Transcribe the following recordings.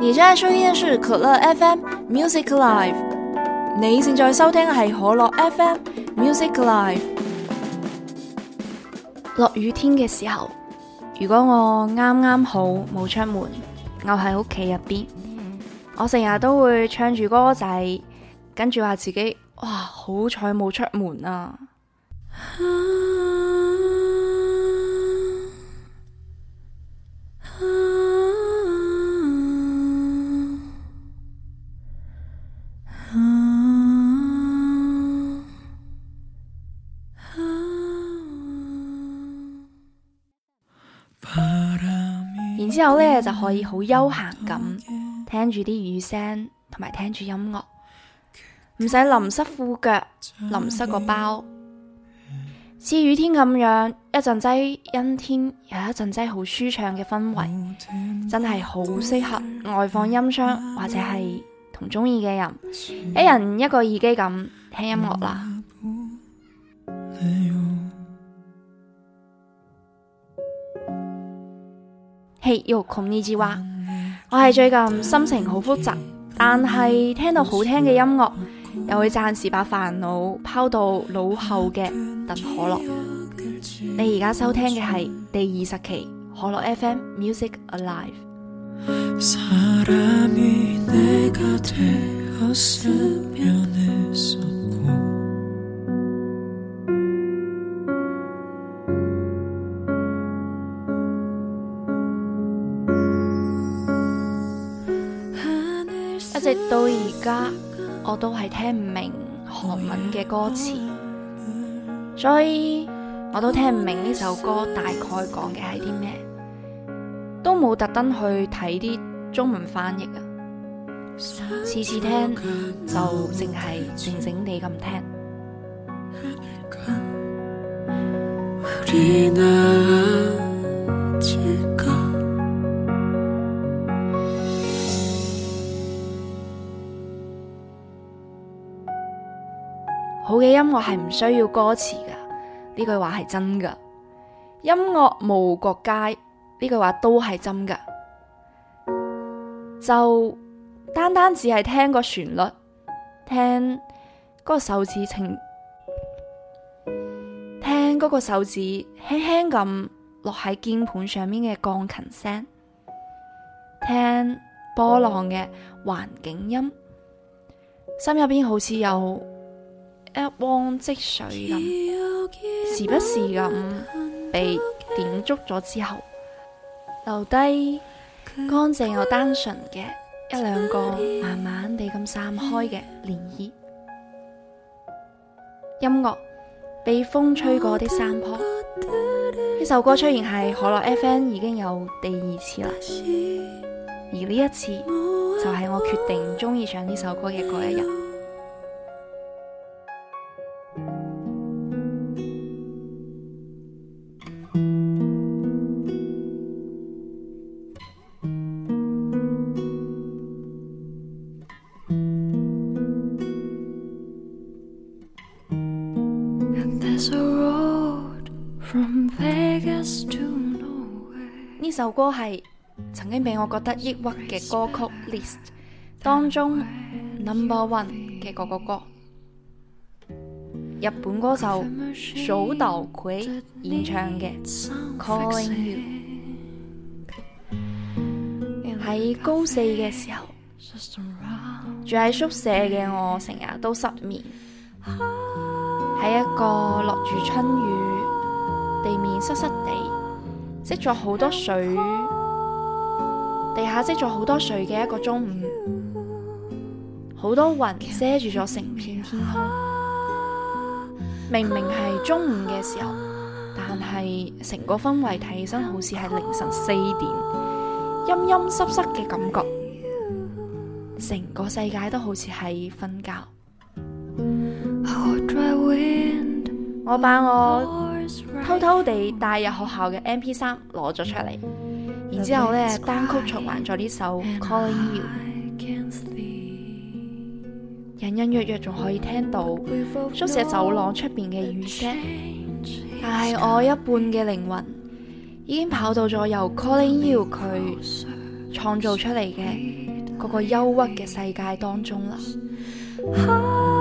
你現在，在收聽嘅係可樂 FM Music Live，你現在收聽係可樂 FM Music Live。落雨天嘅時候，如果我啱啱好冇出門，我喺屋企入邊，我成日都會唱住歌仔，跟住話自己哇，好彩冇出門啊。 之後咧，就可以好悠閒咁聽住啲雨聲，同埋聽住音樂，唔使淋濕褲腳，淋濕個包。似雨天咁樣，一陣仔陰天，又一陣仔好舒暢嘅氛圍，真係好適合外放音箱，或者係同中意嘅人，一人一個耳機咁聽音樂啦。嗯 Hey, yo, konnichiwa，我係最近心情好複雜，但係聽到好聽嘅音樂，又會暫時把煩惱拋到腦後嘅。鄧可樂，你而家收聽嘅係第二十期可樂 FM Music Alive。 直到而家我都係聽唔明韓文嘅歌詞，所以我都聽唔明呢首歌大概講嘅係啲咩，都冇特登去睇啲中文翻譯啊，次次聽就淨係靜靜地咁聽。 音樂係唔需要歌詞噶，呢句話係真噶。音樂無國界，呢句話都係真噶。就單單只係聽個旋律，聽嗰個手指，聽嗰個手指輕輕咁落喺鍵盤上面嘅鋼琴聲，聽波浪嘅環境音，心入邊好似有，一汪積水咁，時不時咁被點觸咗之後，留低乾淨又單純嘅一兩個，慢慢地咁散開嘅漣漪。音樂被風吹過的山坡，呢首歌出現係可樂 FM 已經有第二次啦，而呢一次就係我決定鍾意唱呢首歌嘅嗰一日。歌係曾經俾我覺得抑鬱嘅歌曲 list 當中 number one 嘅嗰個歌，日本歌手手嶌葵演唱嘅 Calling You。喺 In 高四嘅時候 住喺宿舍嘅我成日都失眠，喺一個落住春雨，地面濕濕地。積咗好多水，地下積咗好多水嘅一個中午，好多雲遮住咗成片天空。明明係中午嘅時候，但係成個氛圍睇起身好似係凌晨四點，陰陰濕濕嘅感覺，成個世界都好似喺瞓覺。我把我偷偷地帶入學校嘅 M P 三攞咗出嚟，The 然之後咧單曲循環咗呢首 Calling You，隱隱約約仲可以聽到宿舍走廊出邊嘅雨聲，oh, 但係我一半嘅靈魂已經跑到咗由 Calling You 佢創造出嚟嘅嗰個憂鬱嘅世界當中啦。Oh.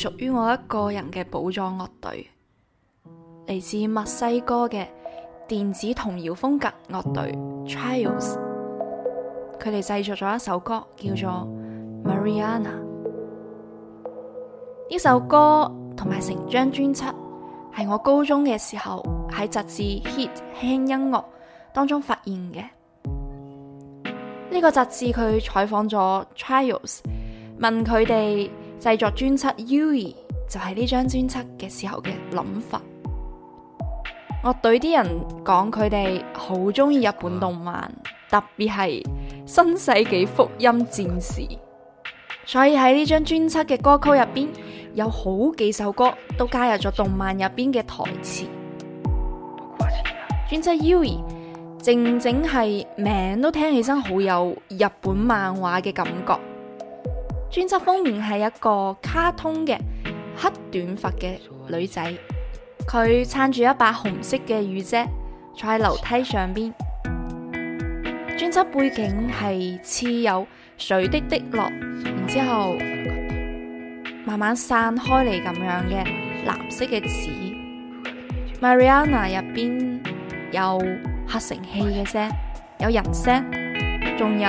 屬於我一個人嘅寶藏樂隊，嚟自墨西哥嘅電子童謠風格樂隊 t r i a l s 佢哋製作咗一首歌叫做《Mariana》。呢首歌同埋成張專輯係我高中嘅時候喺雜誌《Hit 輕音樂》當中發現嘅。呢、這個雜誌佢採訪咗 t r i a l s 問佢哋。製作專輯《U》就係呢張專輯嘅時候嘅諗法，樂隊啲人講佢哋好中意日本動漫，特別係《新世紀福音戰士》，所以喺呢張專輯嘅歌曲入邊有好幾首歌都加入咗動漫入邊嘅台詞。專輯《U》正正係名都聽起身好有日本漫畫嘅感覺。專輯封面係一個卡通嘅黑短髮嘅女仔，佢撐住一把紅色嘅雨遮，坐喺樓梯上邊。專輯背景係似有水滴滴落，然之後慢慢散開嚟，咁樣嘅藍色嘅紙。Mariana 入邊有合成器嘅聲，有人聲，仲有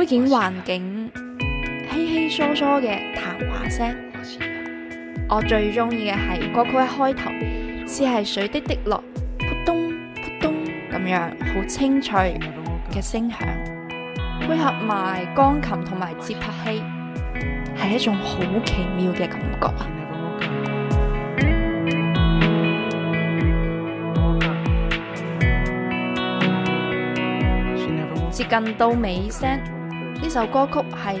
背景環境。疏疏嘅談話聲，我最中意嘅係歌曲一開頭，似係水滴滴落，噗咚噗咚咁樣，好清脆嘅聲響，配合埋鋼琴同埋節拍器，係一種好奇妙嘅感覺。 接近到尾聲，呢首歌曲係。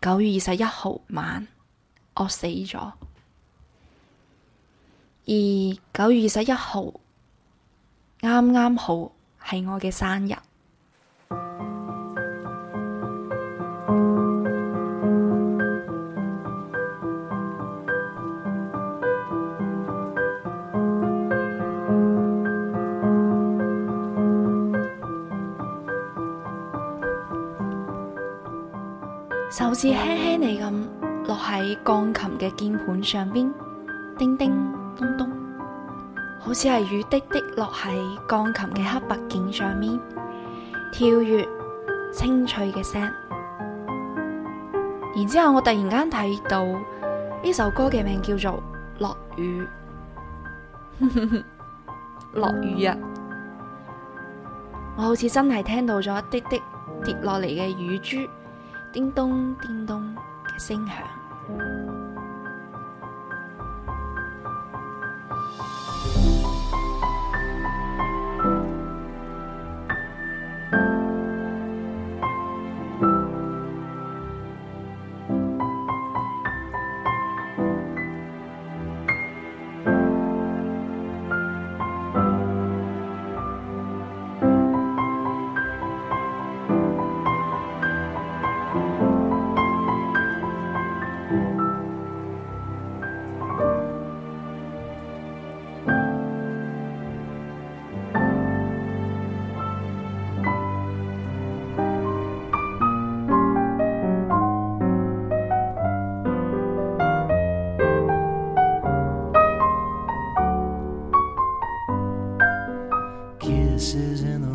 九月二十一號晚，我死咗。而九月二十一號啱啱好係我嘅生日。手指輕輕地咁落喺鋼琴嘅鍵盤上邊，叮叮咚咚，好似係雨滴滴落喺鋼琴嘅黑白鍵上面，跳躍清脆嘅聲。然之後我突然間睇到呢首歌嘅名叫做《落雨》， 落雨啊！我好似真係聽到咗一滴滴跌落嚟嘅雨珠。叮咚，叮咚的聲響。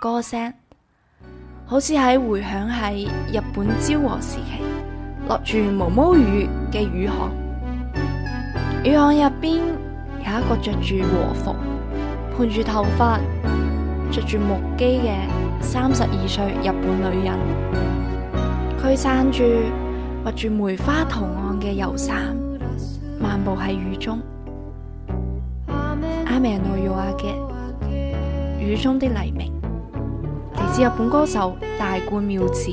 歌聲好似喺回響，喺日本昭和時期，落住毛毛雨嘅雨巷，雨巷入邊有一個着住和服、盤住頭髮、着住木屐嘅三十二歲日本女人，佢撐住畫住梅花圖案嘅油傘，漫步喺雨中。雨の夜明け，雨中的黎明。是日本歌手大貫妙子。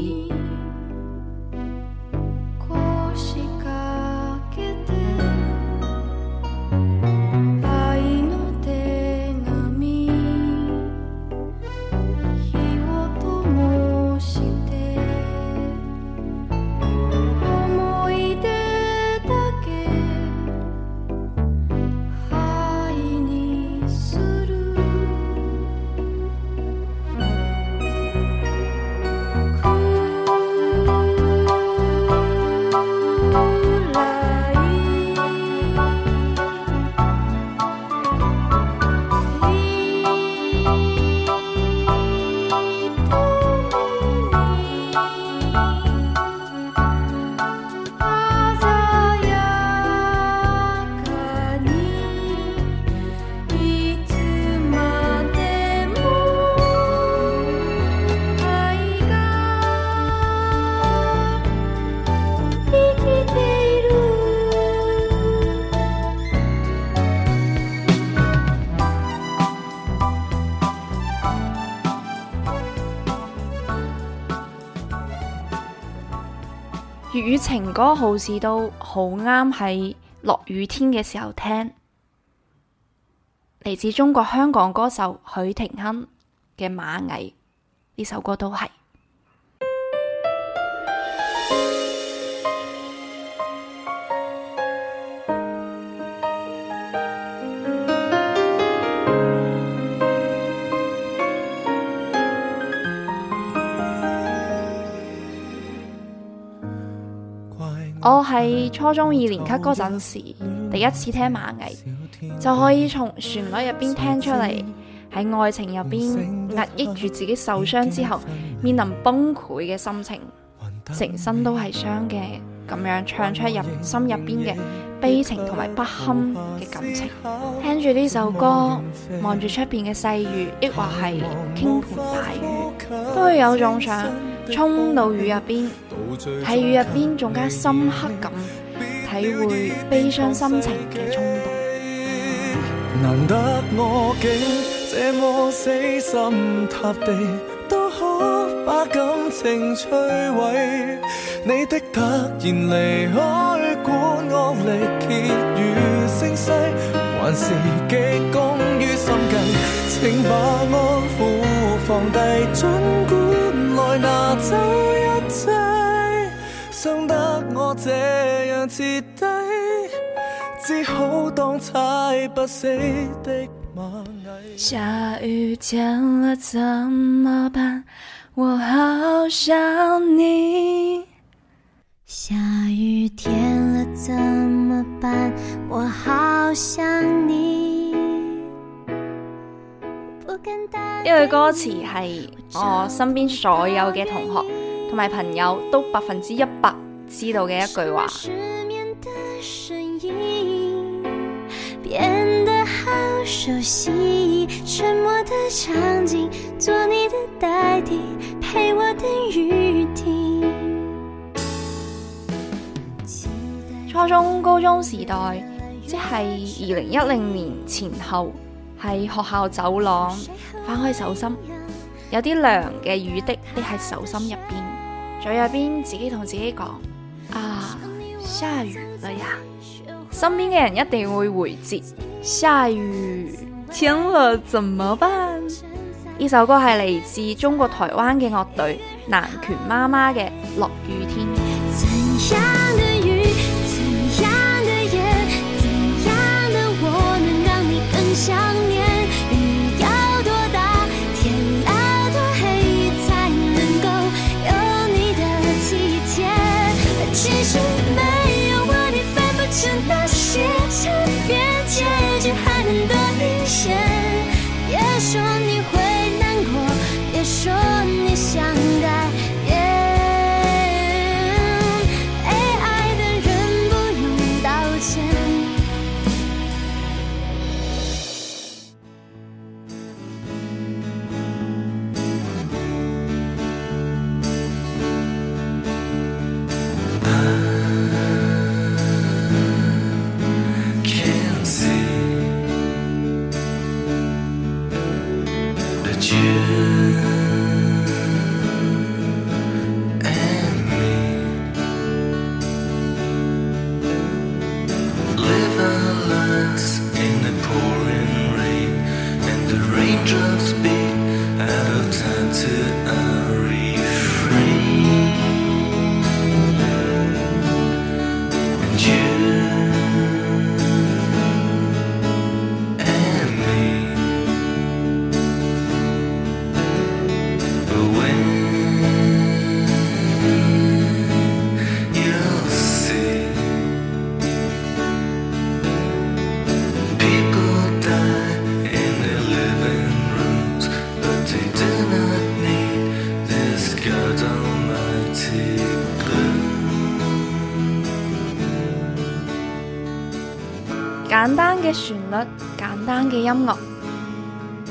雨情歌好似都好啱喺落雨天嘅時候聽，嚟自中國香港歌手許廷鏗嘅《螞蟻》呢首歌都係。我喺初中二年級嗰陣時，第一次聽《螞蟻》，就可以從旋律入邊聽出嚟，喺愛情入邊壓抑住自己受傷之後，面臨崩潰嘅心情，成身都係傷嘅，咁樣唱出入心入邊嘅悲情同埋不堪嘅感情。聽住呢首歌，望住出邊嘅細雨，抑或係傾盆大雨，都會有種想衝到雨入邊，睇雨入邊仲加深刻咁體會悲傷心情嘅衝動。難得我竟這麼死心塌地，都可把感情摧毀。你的突然離開，管我力竭如聲嘶，還是極工於心計？請把安撫放低，儘管。傷得我這樣徹底，只好當踩不死的螞蟻。下雨天了怎麼辦？我好想你。下雨天了怎麼辦？我好想你。呢句歌詞係我身邊所有嘅同學同埋朋友都百分之一百知道嘅一句話。初中、高中時代，即係二零一零年前後。喺學校走廊翻開手心，有啲涼嘅雨滴滴喺手心入邊，嘴入邊自己同自己講：啊，下雨了呀！身邊嘅人一定會回擊。下雨天了，怎麼辦？呢首歌係嚟自中國台灣嘅樂隊南拳媽媽嘅《下雨天》。簡單嘅音樂，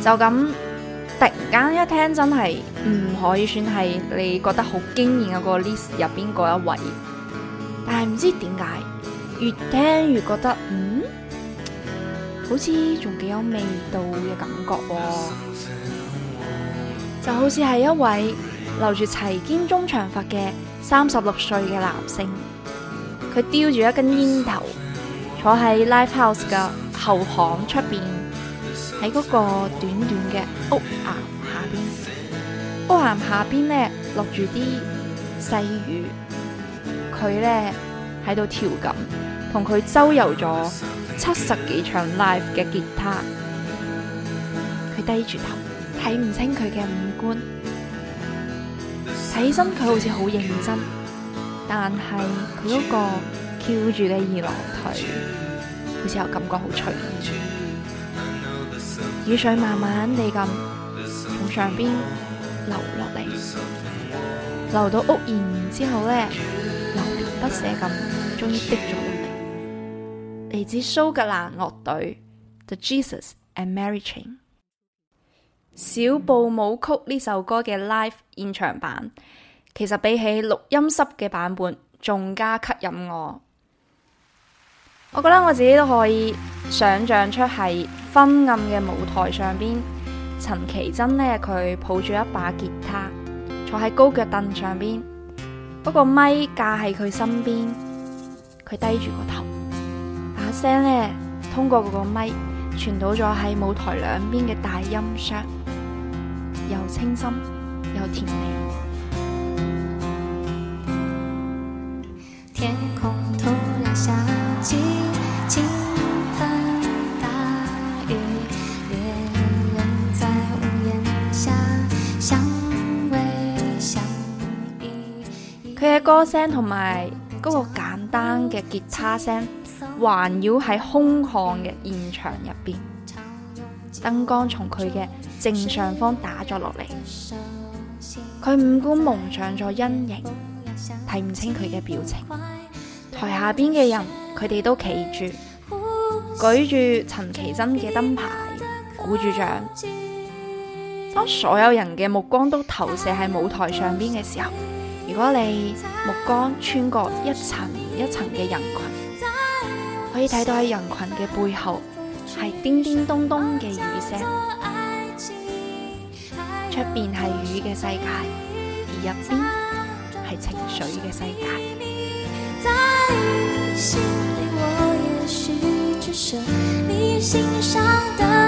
就咁突然間一聽，真係唔可以算係你覺得好驚艷嘅個 list 入邊嗰一位， 但係唔知點解越聽越覺得，嗯，好似仲幾有味道嘅感覺，哦，就好似係一位留住齊肩中長髮嘅三十六歲嘅男性，佢叼住一根煙頭坐喺 live house 噶，後巷出邊，喺嗰個短短嘅屋檐下邊，屋檐下邊咧落住啲細雨，佢咧喺度跳緊，同佢周遊咗七十幾場 live 嘅吉他，佢低住頭，睇唔清佢嘅五官，睇起身佢好似好認真，但係佢嗰個翹住嘅二郎腿。好似感覺好脆，雨水慢慢地咁從上邊流落嚟，流到屋簷，然之後呢，流連不捨咁，終於滴咗落嚟。嚟自蘇格蘭樂隊 The Jesus and Mary Chain 嗯，《小步舞曲》呢首歌嘅 live 現場版，其實比起錄音室嘅版本仲加吸引我。我覺得我自己都可以想象出係昏暗嘅舞台上邊，陳綺貞呢，佢抱住一把吉他，坐喺高腳凳上邊，嗰個咪架喺佢身邊，佢低住個頭，把聲呢通過嗰個咪傳到咗喺舞台兩邊嘅大音箱，又清新又甜美。傾盆大雨也能在屋簷下相偎相依。佢嘅歌聲同埋嗰個簡單嘅吉他聲，環繞喺空曠嘅現場入邊。燈光從佢嘅正上方打咗落嚟，佢五官蒙上咗陰影，睇唔清佢嘅表情。台下邊嘅人。佢哋都企住，舉住陳綺貞嘅燈牌，鼓住掌。當所有人嘅目光都投射喺舞台上邊嘅時候，如果你目光穿過一層一層嘅人群，可以睇到喺人群嘅背後係叮叮咚咚嘅雨聲，出邊係雨嘅世界，而入邊係情緒嘅世界。心裏我也許只是你心上的。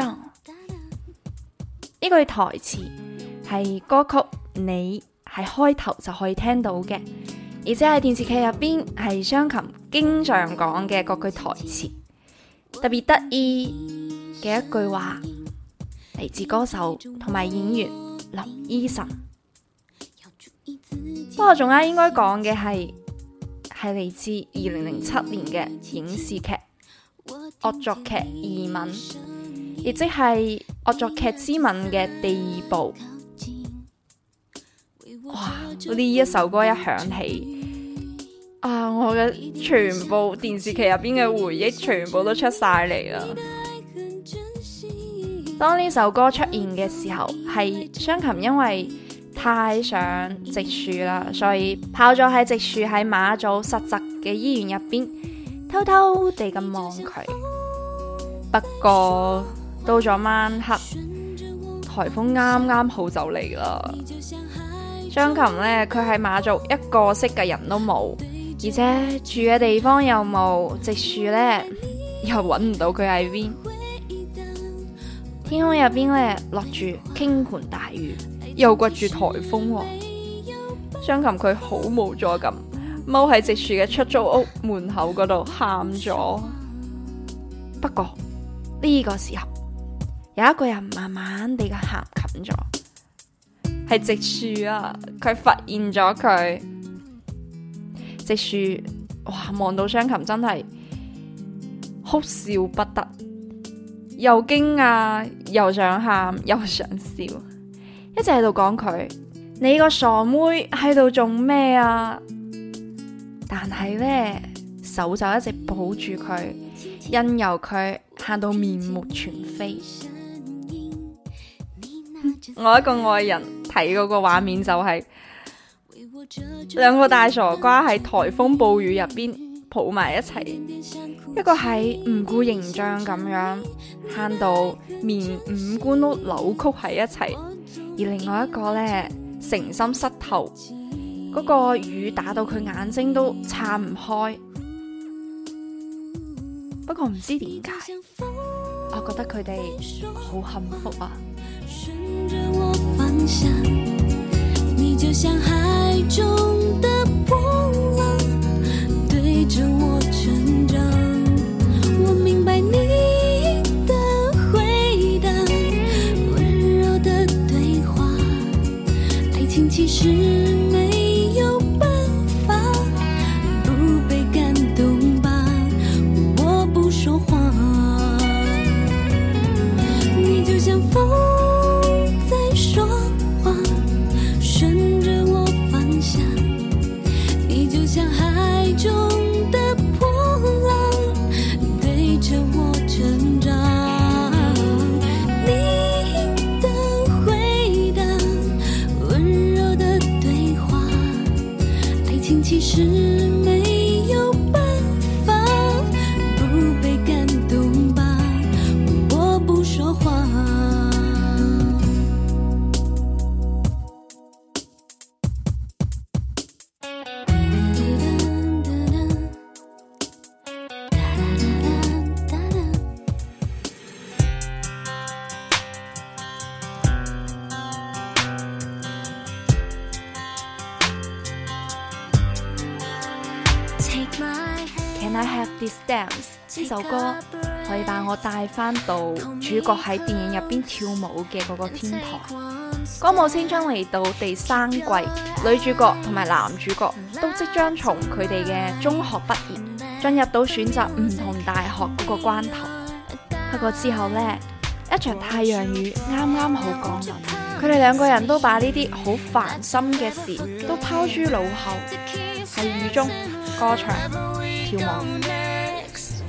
呢句台詞係歌曲《你》喺開頭就可以聽到嘅，而且喺電視劇入邊係湘琴經常講嘅嗰句台詞，特別得意嘅一句話，嚟自歌手、同埋演員林依晨。不過仲啱應該講嘅係係嚟自二零零七年嘅影視劇惡作劇二吻。亦即係惡作劇之吻嘅第二部，哇！呢一首歌一響起，啊，我嘅全部電視劇入面嘅回憶全部都出晒嚟啦。當呢首歌出現嘅時候，係湘琴因為太想植樹啦，所以跑咗喺植樹喺馬祖實習嘅醫院入邊偷偷地咁望佢。不過。到咗晚黑，台風啱啱好就嚟啦。張琴呢，佢係馬族，一個識嘅人都冇，而且住嘅地方又冇植樹呢，又搵唔到佢喺邊。天空入邊咧落住傾盆大雨，又刮住台風。張琴佢好無助咁，踎喺植樹嘅出租屋門口嗰度喊咗。 不過呢，這個時候。有一個人慢慢地行近咗，係直樹啊！佢發現咗佢，直樹哇，望到湘琴真係哭笑不得，又驚啊，又想喊，又想笑，一直喺度講佢：你個傻妹喺度做咩啊？但係呢，手就一直抱住佢，任由佢喊到面目全非。我一個外人睇嗰個畫面就係、是、兩個大傻瓜喺台風暴雨入邊抱埋一齊，一個係唔顧形象咁樣喊到面五官都扭曲喺一齊，而另外一個呢，誠心濕頭，嗰、那個雨打到佢眼睛都撐唔開。不過唔知點解，我覺得佢哋好幸福啊！你就像海中的波浪，對着我。 呢首歌可以把我帶翻到主角喺電影入邊跳舞嘅嗰個天台。歌舞青春嚟到第三季，女主角同埋男主角都即將從佢哋嘅中學畢業，進入到選擇唔同大學嗰個關頭。不過之後呢，一場太陽雨啱啱好降臨，佢哋兩個人都把呢啲好煩心嘅事都拋諸腦後，喺雨中歌唱跳舞。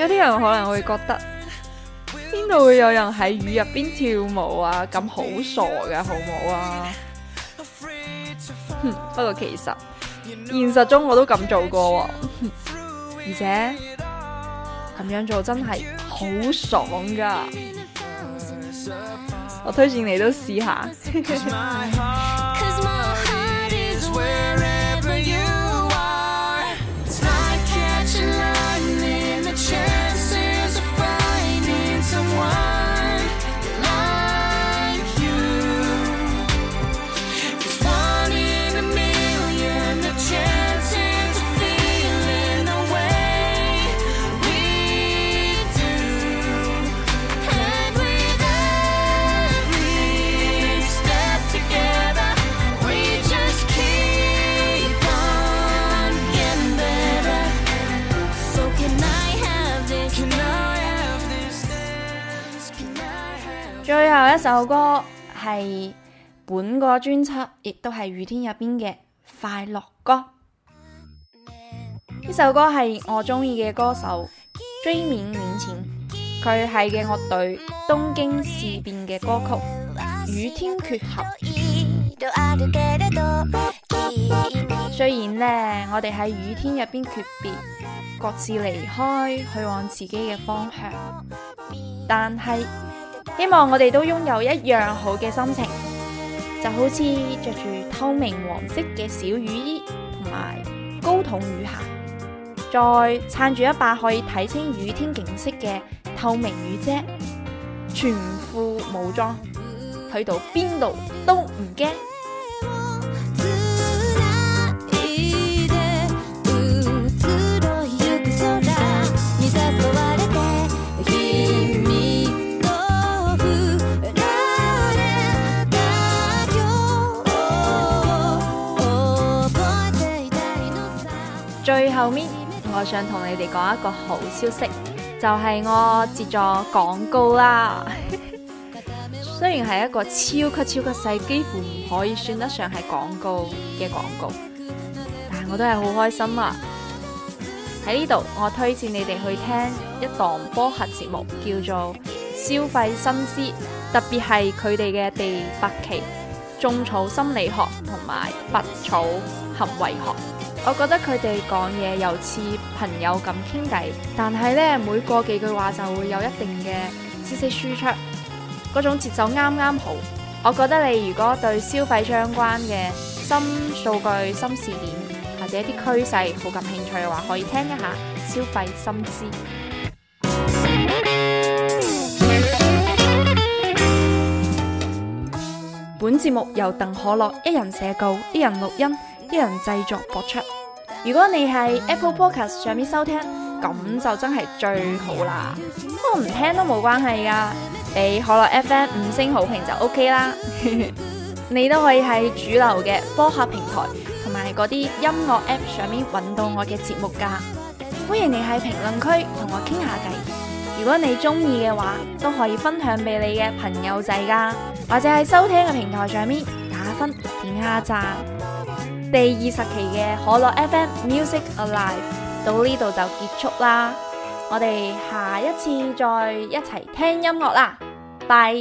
有啲人可能會覺得邊度會有人喺雨入邊跳舞啊？咁好傻㗎，好冇啊！不過 其實現實中我都咁做過， 而且咁樣做真係好爽噶，我推薦你都試下。 一首歌係本個專輯，亦都係雨天入邊嘅快樂歌。呢首歌係我中意嘅歌手椎名林檎佢係嘅樂隊東京事變嘅歌曲《雨天決行》。雖然呢，我哋喺雨天入邊訣別，各自離開，去往自己嘅方向，但係。希望我哋都擁有一樣好嘅心情，就好似着住透明黃色嘅小雨衣，同埋高筒雨鞋，再撐住一把可以睇清雨天景色嘅透明雨遮，全副武裝，去到邊度都唔驚。最後面，我想同你哋講一個好消息，就係、是、我接咗廣告啦。 雖然係一個超級超級細，幾乎唔可以算得上係廣告嘅廣告，但我都係好開心啊！喺呢度，我推薦你哋去聽一檔播客節目，叫做《消費心思》，特別係佢哋嘅第八期《種草心理學》同埋《拔草行為學》。我覺得佢哋講嘢，又似朋友咁傾偈，但係呢，每過幾句話就會有一定嘅知識輸出，嗰種節奏啱啱好。我覺得你如果對消費相關嘅新數據、新視點或者一啲趨勢好感興趣嘅話，可以聽一下《消費心思》。本節目由鄧可樂一人寫稿，一人錄音。一人製作播出。如果你係 Apple Podcast 上面收聽，咁就真係最好啦。不過唔聽都冇關係噶，俾可樂 FM 五星好評就 OK 啦。 你都可以喺主流嘅播客平台同埋嗰啲音樂 App 上面揾到我嘅節目噶。歡迎你喺評論區同我傾下偈。如果你中意嘅話，都可以分享俾你嘅朋友仔噶，或者喺收聽嘅平台上面打分點下讚。第二十期嘅可樂 FM Music Alive 到呢度就結束啦，我哋下一次再一齊聽音樂啦，拜。